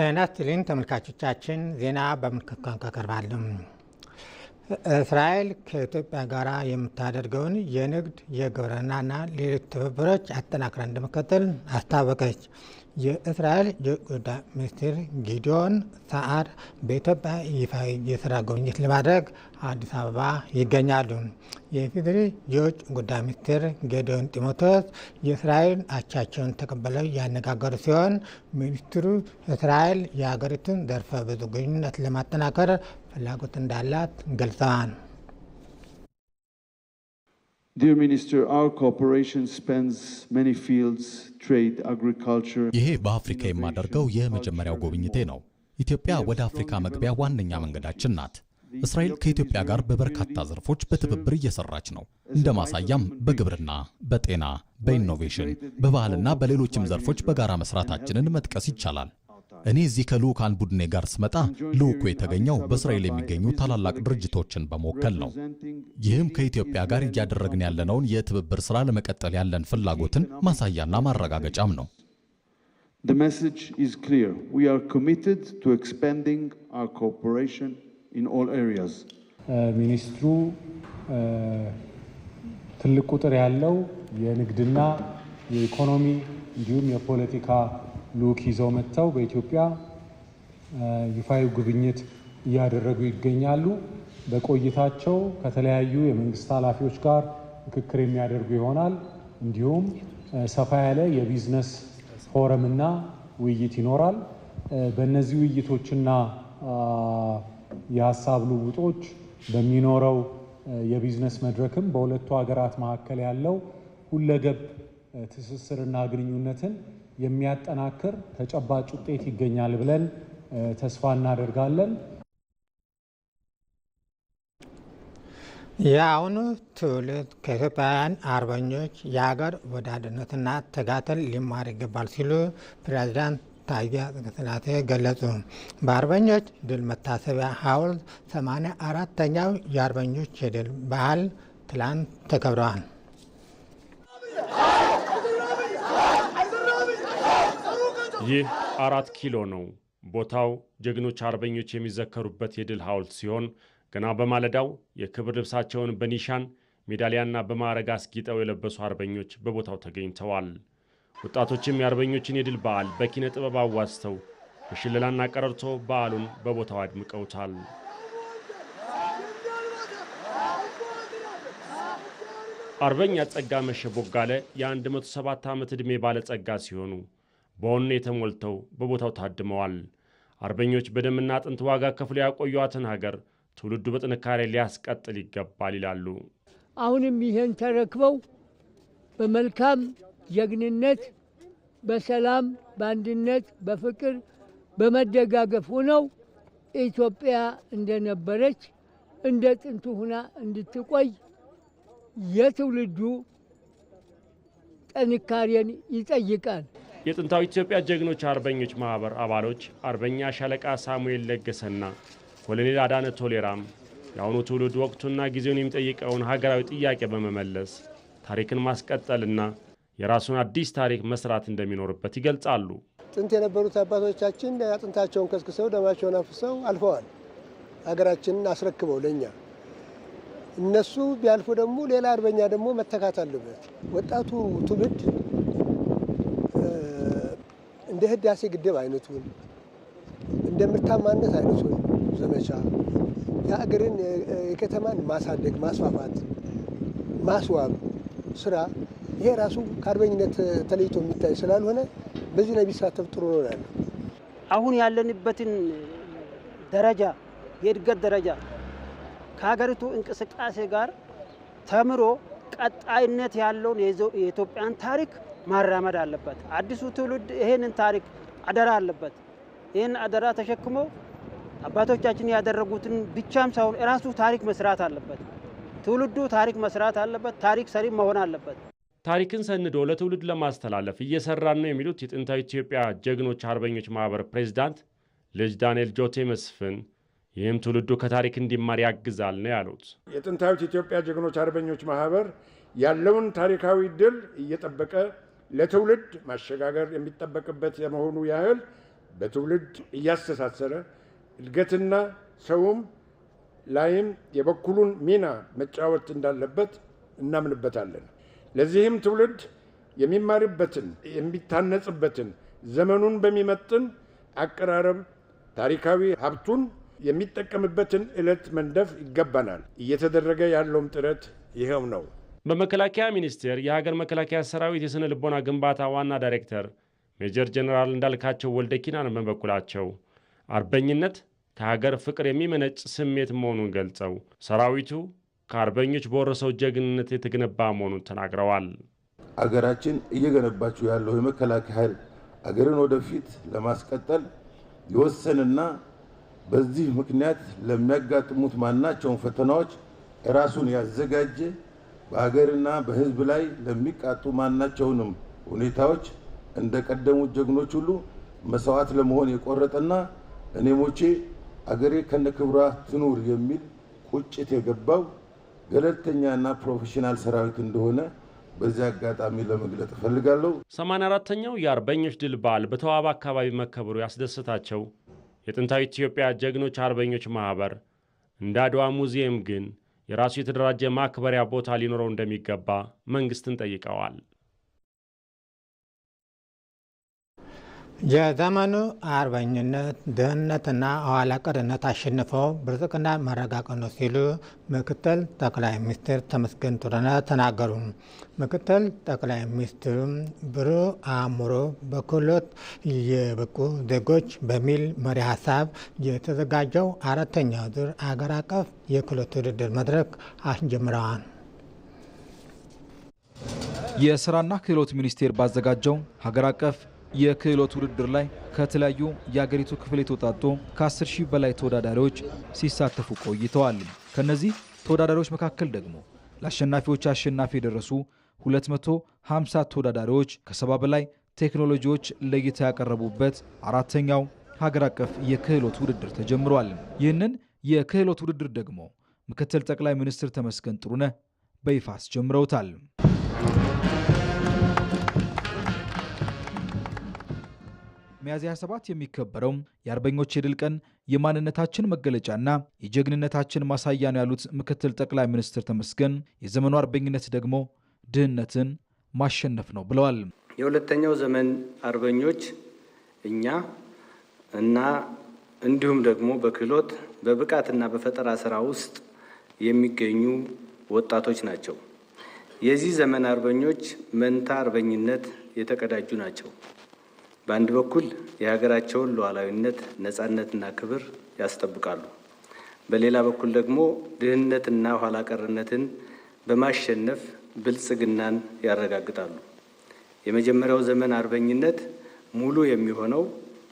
ጤና ይስጥልኝ ተመልካቾቻችን፣ ዜና በምልክት ቋንቋ እስራኤል ከኢትዮጵያ ጋር የምታደርገውን የንግድ የግብርናና ሌሎች ትብብሮች አጠናክረ እንደምከተል አስታወቀች። የእስራኤል የውጭ ጉዳይ ሚኒስትር ጊዲዮን ሳዓር በኢትዮጵያ ይፋዊ የስራ ጉብኝት ለማድረግ አዲስ አበባ ይገኛሉ። የኢፌዴሪ የውጭ ጉዳይ ሚኒስትር ጌዲዮን ጢሞቴዎስ የእስራኤል አቻቸውን ተቀብለው ያነጋገሩ ሲሆን ሚኒስትሩ እስራኤል የሀገሪቱን ዘርፈ ብዙ ግንኙነት ለማጠናከር ፍላጎት እንዳላት ገልጸዋል። ይሄ በአፍሪካ የማደርገው የመጀመሪያው ጉብኝቴ ነው። ኢትዮጵያ ወደ አፍሪካ መግቢያ ዋነኛ መንገዳችን ናት። እስራኤል ከኢትዮጵያ ጋር በበርካታ ዘርፎች በትብብር እየሰራች ነው። እንደ ማሳያም በግብርና፣ በጤና፣ በኢኖቬሽን፣ በባህልና በሌሎችም ዘርፎች በጋራ መስራታችንን መጥቀስ ይቻላል። እኔ እዚህ ከልዑካን ቡድኔ ጋር ስመጣ ልዑኩ የተገኘው በእስራኤል የሚገኙ ታላላቅ ድርጅቶችን በመወከል ነው። ይህም ከኢትዮጵያ ጋር እያደረግን ያለነውን የትብብር ሥራ ለመቀጠል ያለን ፍላጎትን ማሳያና ማረጋገጫም ነው። ሚኒስትሩ ትልቅ ቁጥር ያለው የንግድና የኢኮኖሚ እንዲሁም የፖለቲካ ልዑክ ይዘው መጥተው በኢትዮጵያ ይፋዊ ጉብኝት እያደረጉ ይገኛሉ። በቆይታቸው ከተለያዩ የመንግስት ኃላፊዎች ጋር ምክክር የሚያደርጉ ይሆናል። እንዲሁም ሰፋ ያለ የቢዝነስ ፎረምና ውይይት ይኖራል። በእነዚህ ውይይቶችና የሀሳብ ልውጦች በሚኖረው የቢዝነስ መድረክም በሁለቱ ሀገራት መካከል ያለው ሁለገብ ትስስርና ግንኙነትን የሚያጠናክር ተጨባጭ ውጤት ይገኛል ብለን ተስፋ እናደርጋለን። የአሁኑ ትውልድ ከኢትዮጵያውያን አርበኞች የሀገር ወዳድነትና ተጋተል ሊማር ይገባል ሲሉ ፕሬዚዳንት ታዬ አጽቀሥላሴ ገለጹ። በአርበኞች ድል መታሰቢያ ሐውልት 84 አራተኛው የአርበኞች የድል በዓል ትላንት ተከብረዋል። ይህ አራት ኪሎ ነው። ቦታው ጀግኖች አርበኞች የሚዘከሩበት የድል ሐውልት ሲሆን ገና በማለዳው የክብር ልብሳቸውን በኒሻን ሜዳሊያና በማዕረግ አስጊጠው የለበሱ አርበኞች በቦታው ተገኝተዋል። ወጣቶችም የአርበኞችን የድል በዓል በኪነ ጥበብ አዋዝተው በሽለላና ቀረርቶ በዓሉን በቦታው አድምቀውታል። አርበኛ ጸጋ መሸ ቦጋለ የ107 ዓመት ዕድሜ ባለጸጋ ሲሆኑ በወኔ ተሞልተው በቦታው ታድመዋል። አርበኞች በደምና አጥንት ዋጋ ከፍሎ ያቆዩዋትን ሀገር ትውልዱ በጥንካሬ ሊያስቀጥል ይገባል ይላሉ። አሁንም ይህን ተረክበው በመልካም ጀግንነት፣ በሰላም፣ በአንድነት፣ በፍቅር፣ በመደጋገፍ ሆነው ኢትዮጵያ እንደነበረች እንደ ጥንቱ ሁና እንድትቆይ የትውልዱ ጥንካሬን ይጠይቃል። የጥንታዊ ኢትዮጵያ ጀግኖች አርበኞች ማኅበር አባሎች አርበኛ ሻለቃ ሳሙኤል ለገሰና ኮሎኔል አዳነ ቶሌራም የአሁኑ ትውልድ ወቅቱና ጊዜውን የሚጠይቀውን ሀገራዊ ጥያቄ በመመለስ ታሪክን ማስቀጠልና የራሱን አዲስ ታሪክ መስራት እንደሚኖርበት ይገልጻሉ። ጥንት የነበሩት አባቶቻችን አጥንታቸውን ከስክሰው ደማቸውን አፍሰው አልፈዋል። ሀገራችንን አስረክበው ለእኛ እነሱ ቢያልፉ ደግሞ ሌላ አርበኛ ደግሞ መተካት አለበት። ወጣቱ ትውልድ እንደ ህዳሴ ግድብ አይነቱን እንደ ምርታማነት አይነቱን ዘመቻ የሀገርን የከተማን ማሳደግ፣ ማስፋፋት፣ ማስዋብ ስራ ይሄ ራሱ ከአርበኝነት ተለይቶ የሚታይ ስላልሆነ በዚህ ላይ ቢሳተፍ ጥሩ ነው ያለ አሁን ያለንበትን ደረጃ የእድገት ደረጃ ከሀገሪቱ እንቅስቃሴ ጋር ተምሮ ቀጣይነት ያለውን የኢትዮጵያን ታሪክ ማራመድ አለበት። አዲሱ ትውልድ ይሄንን ታሪክ አደራ አለበት። ይህን አደራ ተሸክሞ አባቶቻችን ያደረጉትን ብቻም ሳይሆን የራሱ ታሪክ መስራት አለበት። ትውልዱ ታሪክ መስራት አለበት። ታሪክ ሰሪ መሆን አለበት። ታሪክን ሰንዶ ለትውልድ ለማስተላለፍ እየሰራን ነው የሚሉት የጥንታዊ ኢትዮጵያ ጀግኖች አርበኞች ማህበር ፕሬዚዳንት ልጅ ዳንኤል ጆቴ መስፍን ይህም ትውልዱ ከታሪክ እንዲማር ያግዛል ነው ያሉት። የጥንታዊት ኢትዮጵያ ጀግኖች አርበኞች ማህበር ያለውን ታሪካዊ ድል እየጠበቀ ለትውልድ ማሸጋገር የሚጠበቅበት የመሆኑ ያህል በትውልድ እያስተሳሰረ እድገትና ሰውም ላይም የበኩሉን ሚና መጫወት እንዳለበት እናምንበታለን። ለዚህም ትውልድ የሚማርበትን የሚታነጽበትን ዘመኑን በሚመጥን አቀራረብ ታሪካዊ ሀብቱን የሚጠቀምበትን ዕለት መንደፍ ይገባናል። እየተደረገ ያለውም ጥረት ይኸው ነው። በመከላከያ ሚኒስቴር የሀገር መከላከያ ሰራዊት የሥነ ልቦና ግንባታ ዋና ዳይሬክተር ሜጀር ጀኔራል እንዳልካቸው ወልደ ኪናን በበኩላቸው አርበኝነት ከሀገር ፍቅር የሚመነጭ ስሜት መሆኑን ገልጸው ሰራዊቱ ከአርበኞች በወረሰው ጀግንነት የተገነባ መሆኑን ተናግረዋል። አገራችን እየገነባችው ያለው የመከላከያ ኃይል አገርን ወደፊት ለማስቀጠል የወሰንና በዚህ ምክንያት ለሚያጋጥሙት ማናቸውን ፈተናዎች ራሱን ያዘጋጀ በሀገርና በሕዝብ ላይ ለሚቃጡ ማናቸውንም ሁኔታዎች እንደ ቀደሙት ጀግኖች ሁሉ መስዋዕት ለመሆን የቆረጠና እኔ ሞቼ አገሬ ከነክብሯ ትኑር የሚል ቁጭት የገባው ገለልተኛና ፕሮፌሽናል ሰራዊት እንደሆነ በዚህ አጋጣሚ ለመግለጥ እፈልጋለሁ። አራተኛው የአርበኞች ድል በዓል በተዋበ አካባቢ መከበሩ ያስደሰታቸው የጥንታዊ ኢትዮጵያ ጀግኖች አርበኞች ማህበር እንደ አድዋ ሙዚየም ግን የራሱ የተደራጀ ማክበሪያ ቦታ ሊኖረው እንደሚገባ መንግስትን ጠይቀዋል። የዘመኑ አርበኝነት ድህነትና አዋላ ቀርነት አሸንፈው ብልጽግና ማረጋገጥ ነው ሲሉ ምክትል ጠቅላይ ሚኒስትር ተመስገን ጥሩነህ ተናገሩ። ምክትል ጠቅላይ ሚኒስትሩ ብሩህ አእምሮ በክህሎት የበቁ ዜጎች በሚል መሪ ሀሳብ የተዘጋጀው አራተኛው ዙር አገር አቀፍ የክህሎት ውድድር መድረክ አስጀምረዋል። የስራና ክህሎት ሚኒስቴር ባዘጋጀው ሀገር አቀፍ የክህሎት ውድድር ላይ ከተለያዩ የአገሪቱ ክፍል የተውጣጡ ከ10 ሺህ በላይ ተወዳዳሪዎች ሲሳተፉ ቆይተዋል። ከነዚህ ተወዳዳሪዎች መካከል ደግሞ ለአሸናፊዎች አሸናፊ የደረሱ 250 ተወዳዳሪዎች ከሰባ በላይ ቴክኖሎጂዎች ለእይታ ያቀረቡበት አራተኛው ሀገር አቀፍ የክህሎት ውድድር ተጀምሯል። ይህንን የክህሎት ውድድር ደግሞ ምክትል ጠቅላይ ሚኒስትር ተመስገን ጥሩነህ በይፋ አስጀምረውታል። ሚያዝያ 27 የሚከበረው የአርበኞች የድል ቀን የማንነታችን መገለጫና የጀግንነታችን ማሳያ ነው ያሉት ምክትል ጠቅላይ ሚኒስትር ተመስገን የዘመኑ አርበኝነት ደግሞ ድህነትን ማሸነፍ ነው ብለዋል። የሁለተኛው ዘመን አርበኞች እኛ እና እንዲሁም ደግሞ በክህሎት በብቃትና በፈጠራ ስራ ውስጥ የሚገኙ ወጣቶች ናቸው። የዚህ ዘመን አርበኞች መንታ አርበኝነት የተቀዳጁ ናቸው። በአንድ በኩል የሀገራቸውን ሉዓላዊነት ነፃነትና ክብር ያስጠብቃሉ። በሌላ በኩል ደግሞ ድህነትና ኋላ ቀርነትን በማሸነፍ ብልጽግናን ያረጋግጣሉ። የመጀመሪያው ዘመን አርበኝነት ሙሉ የሚሆነው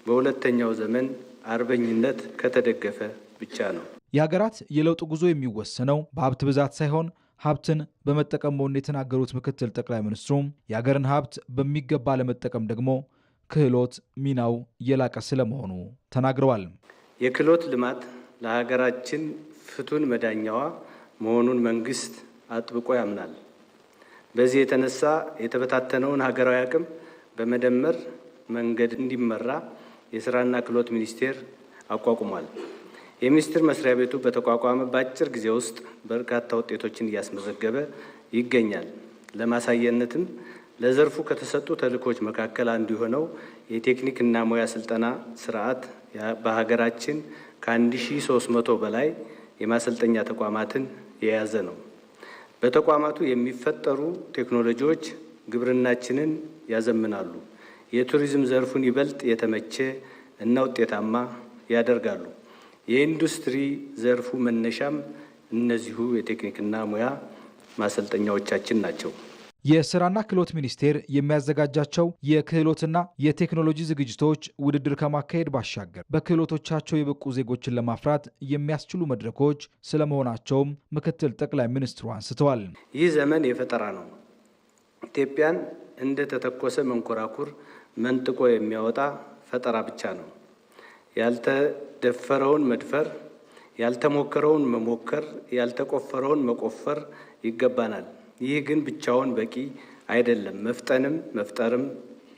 በሁለተኛው ዘመን አርበኝነት ከተደገፈ ብቻ ነው። የሀገራት የለውጥ ጉዞ የሚወሰነው በሀብት ብዛት ሳይሆን ሀብትን በመጠቀም መሆኑን የተናገሩት ምክትል ጠቅላይ ሚኒስትሩም የሀገርን ሀብት በሚገባ ለመጠቀም ደግሞ ክህሎት ሚናው የላቀ ስለመሆኑ ተናግረዋል። የክህሎት ልማት ለሀገራችን ፍቱን መዳኛዋ መሆኑን መንግስት አጥብቆ ያምናል። በዚህ የተነሳ የተበታተነውን ሀገራዊ አቅም በመደመር መንገድ እንዲመራ የስራና ክህሎት ሚኒስቴር አቋቁሟል። የሚኒስቴር መስሪያ ቤቱ በተቋቋመ በአጭር ጊዜ ውስጥ በርካታ ውጤቶችን እያስመዘገበ ይገኛል። ለማሳየነትም ለዘርፉ ከተሰጡ ተልእኮች መካከል አንዱ የሆነው የቴክኒክና ሙያ ስልጠና ስርዓት በሀገራችን ከ1300 በላይ የማሰልጠኛ ተቋማትን የያዘ ነው። በተቋማቱ የሚፈጠሩ ቴክኖሎጂዎች ግብርናችንን ያዘምናሉ፣ የቱሪዝም ዘርፉን ይበልጥ የተመቸ እና ውጤታማ ያደርጋሉ። የኢንዱስትሪ ዘርፉ መነሻም እነዚሁ የቴክኒክና ሙያ ማሰልጠኛዎቻችን ናቸው። የስራና ክህሎት ሚኒስቴር የሚያዘጋጃቸው የክህሎትና የቴክኖሎጂ ዝግጅቶች ውድድር ከማካሄድ ባሻገር በክህሎቶቻቸው የበቁ ዜጎችን ለማፍራት የሚያስችሉ መድረኮች ስለመሆናቸውም ምክትል ጠቅላይ ሚኒስትሩ አንስተዋል። ይህ ዘመን የፈጠራ ነው። ኢትዮጵያን እንደ ተተኮሰ መንኮራኩር መንጥቆ የሚያወጣ ፈጠራ ብቻ ነው። ያልተደፈረውን መድፈር፣ ያልተሞከረውን መሞከር፣ ያልተቆፈረውን መቆፈር ይገባናል። ይህ ግን ብቻውን በቂ አይደለም። መፍጠንም መፍጠርም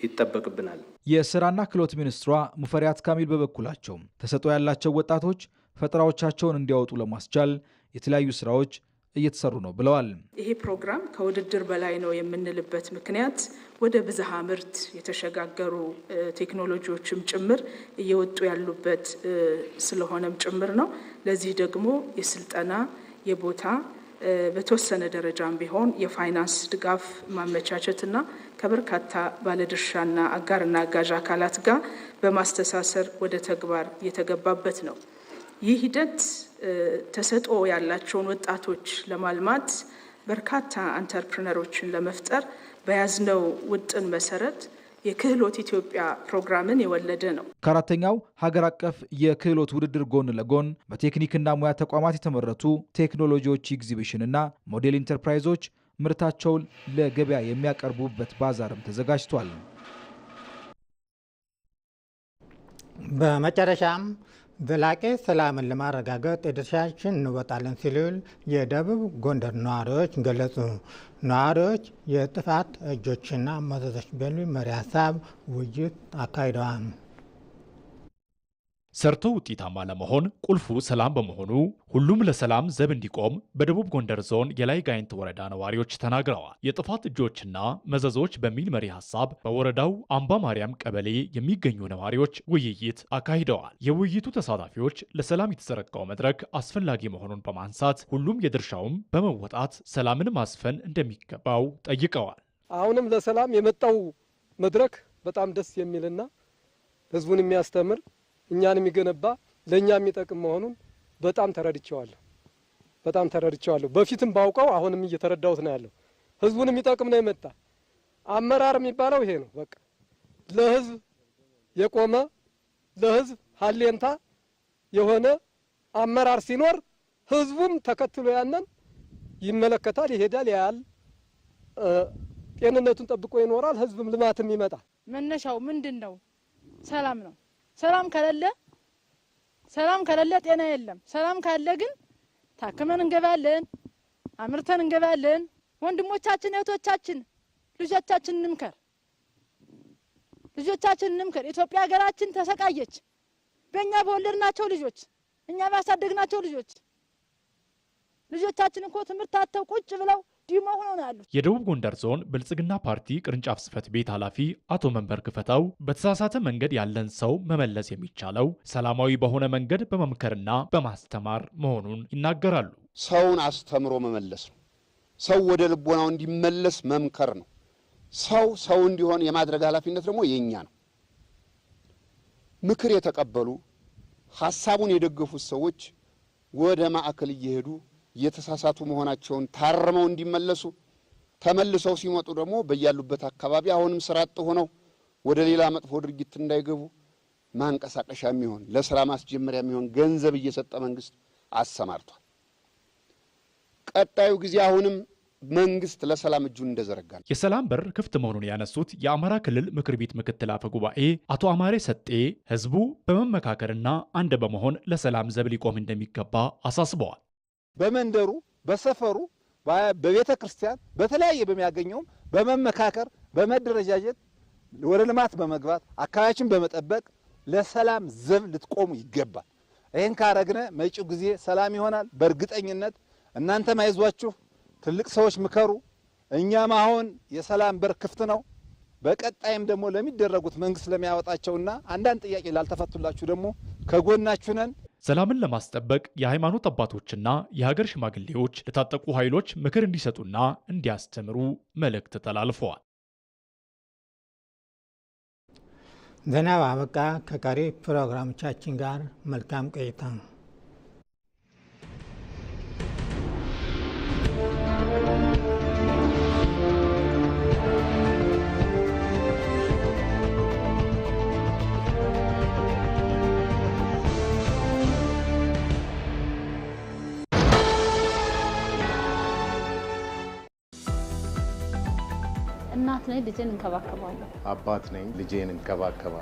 ይጠበቅብናል። የስራና ክህሎት ሚኒስትሯ ሙፈሪያት ካሚል በበኩላቸው ተሰጥኦ ያላቸው ወጣቶች ፈጠራዎቻቸውን እንዲያወጡ ለማስቻል የተለያዩ ስራዎች እየተሰሩ ነው ብለዋል። ይሄ ፕሮግራም ከውድድር በላይ ነው የምንልበት ምክንያት ወደ ብዝሃ ምርት የተሸጋገሩ ቴክኖሎጂዎችም ጭምር እየወጡ ያሉበት ስለሆነም ጭምር ነው። ለዚህ ደግሞ የስልጠና የቦታ በተወሰነ ደረጃም ቢሆን የፋይናንስ ድጋፍ ማመቻቸትና ከበርካታ ባለድርሻና አጋርና አጋዥ አካላት ጋር በማስተሳሰር ወደ ተግባር የተገባበት ነው። ይህ ሂደት ተሰጥኦ ያላቸውን ወጣቶች ለማልማት በርካታ አንተርፕረነሮችን ለመፍጠር በያዝነው ውጥን መሰረት የክህሎት ኢትዮጵያ ፕሮግራምን የወለደ ነው። ከአራተኛው ሀገር አቀፍ የክህሎት ውድድር ጎን ለጎን በቴክኒክና ሙያ ተቋማት የተመረቱ ቴክኖሎጂዎች ኤግዚቢሽንና ሞዴል ኢንተርፕራይዞች ምርታቸውን ለገበያ የሚያቀርቡበት ባዛርም ተዘጋጅቷል። በመጨረሻም ዘላቂ ሰላምን ለማረጋገጥ የድርሻችን እንወጣለን ሲሉ የደቡብ ጎንደር ነዋሪዎች ገለጹ። ነዋሪዎች የጥፋት እጆችና መዘዞች በሚል መሪ ሀሳብ ውይይት አካሂደዋል። ሰርቶ ውጤታማ ለመሆን ቁልፉ ሰላም በመሆኑ ሁሉም ለሰላም ዘብ እንዲቆም በደቡብ ጎንደር ዞን የላይ ጋይንት ወረዳ ነዋሪዎች ተናግረዋል። የጥፋት እጆችና መዘዞች በሚል መሪ ሀሳብ በወረዳው አምባ ማርያም ቀበሌ የሚገኙ ነዋሪዎች ውይይት አካሂደዋል። የውይይቱ ተሳታፊዎች ለሰላም የተዘረጋው መድረክ አስፈላጊ መሆኑን በማንሳት ሁሉም የድርሻውም በመወጣት ሰላምን ማስፈን እንደሚገባው ጠይቀዋል። አሁንም ለሰላም የመጣው መድረክ በጣም ደስ የሚልና ህዝቡን የሚያስተምር እኛን የሚገነባ ለእኛ የሚጠቅም መሆኑን በጣም ተረድቸዋለሁ። በጣም ተረድቸዋለሁ። በፊትም ባውቀው አሁንም እየተረዳሁት ነው ያለው። ህዝቡን የሚጠቅም ነው የመጣ አመራር የሚባለው ይሄ ነው። በቃ ለህዝብ የቆመ ለህዝብ ሀሌንታ የሆነ አመራር ሲኖር ህዝቡም ተከትሎ ያንን ይመለከታል፣ ይሄዳል፣ ያያል፣ ጤንነቱን ጠብቆ ይኖራል። ህዝብም ልማትም ይመጣል። መነሻው ምንድን ነው? ሰላም ነው። ሰላም ከሌለ ሰላም ከሌለ ጤና የለም። ሰላም ካለ ግን ታክመን እንገባለን፣ አምርተን እንገባለን። ወንድሞቻችን እህቶቻችን፣ ልጆቻችን እንምከር፣ ልጆቻችን እንምከር። ኢትዮጵያ ሀገራችን ተሰቃየች። በእኛ በወለድናቸው ልጆች፣ እኛ ባሳደግናቸው ልጆች ልጆቻችን እኮ ትምህርት አተው ቁጭ ብለው ዲሞ ሆነው ነው ያሉት። የደቡብ ጎንደር ዞን ብልጽግና ፓርቲ ቅርንጫፍ ጽህፈት ቤት ኃላፊ አቶ መንበር ክፈታው በተሳሳተ መንገድ ያለን ሰው መመለስ የሚቻለው ሰላማዊ በሆነ መንገድ በመምከርና በማስተማር መሆኑን ይናገራሉ። ሰውን አስተምሮ መመለስ ነው። ሰው ወደ ልቦናው እንዲመለስ መምከር ነው። ሰው ሰው እንዲሆን የማድረግ ኃላፊነት ደግሞ የእኛ ነው። ምክር የተቀበሉ ሀሳቡን የደገፉት ሰዎች ወደ ማዕከል እየሄዱ የተሳሳቱ መሆናቸውን ታርመው እንዲመለሱ ተመልሰው ሲመጡ ደግሞ በያሉበት አካባቢ አሁንም ስራ አጥ ሆነው ወደ ሌላ መጥፎ ድርጊት እንዳይገቡ ማንቀሳቀሻ የሚሆን ለስራ ማስጀመሪያ የሚሆን ገንዘብ እየሰጠ መንግስት አሰማርቷል። ቀጣዩ ጊዜ አሁንም መንግስት ለሰላም እጁን እንደዘረጋ ነው። የሰላም በር ክፍት መሆኑን ያነሱት የአማራ ክልል ምክር ቤት ምክትል አፈ ጉባኤ አቶ አማሬ ሰጤ ህዝቡ በመመካከርና አንድ በመሆን ለሰላም ዘብ ሊቆም እንደሚገባ አሳስበዋል። በመንደሩ፣ በሰፈሩ፣ በቤተ ክርስቲያን በተለያየ በሚያገኘውም በመመካከር በመደረጃጀት ወደ ልማት በመግባት አካባቢያችን በመጠበቅ ለሰላም ዘብ ልትቆሙ ይገባል። ይህን ካረግነ መጪው ጊዜ ሰላም ይሆናል በእርግጠኝነት። እናንተም አይዟችሁ፣ ትልቅ ሰዎች ምከሩ። እኛም አሁን የሰላም በር ክፍት ነው። በቀጣይም ደግሞ ለሚደረጉት መንግስት ለሚያወጣቸውና አንዳንድ ጥያቄ ላልተፈቱላችሁ ደግሞ ከጎናችሁ ነን። ሰላምን ለማስጠበቅ የሃይማኖት አባቶችና የሀገር ሽማግሌዎች ለታጠቁ ኃይሎች ምክር እንዲሰጡና እንዲያስተምሩ መልእክት ተላልፈዋል። ዜናው አበቃ። ከቀሪ ፕሮግራሞቻችን ጋር መልካም ቆይታ ነው። አባት ነኝ ልጄን እንከባከባለሁ። አባት ነኝ፣ ልጄን እንከባከባለሁ።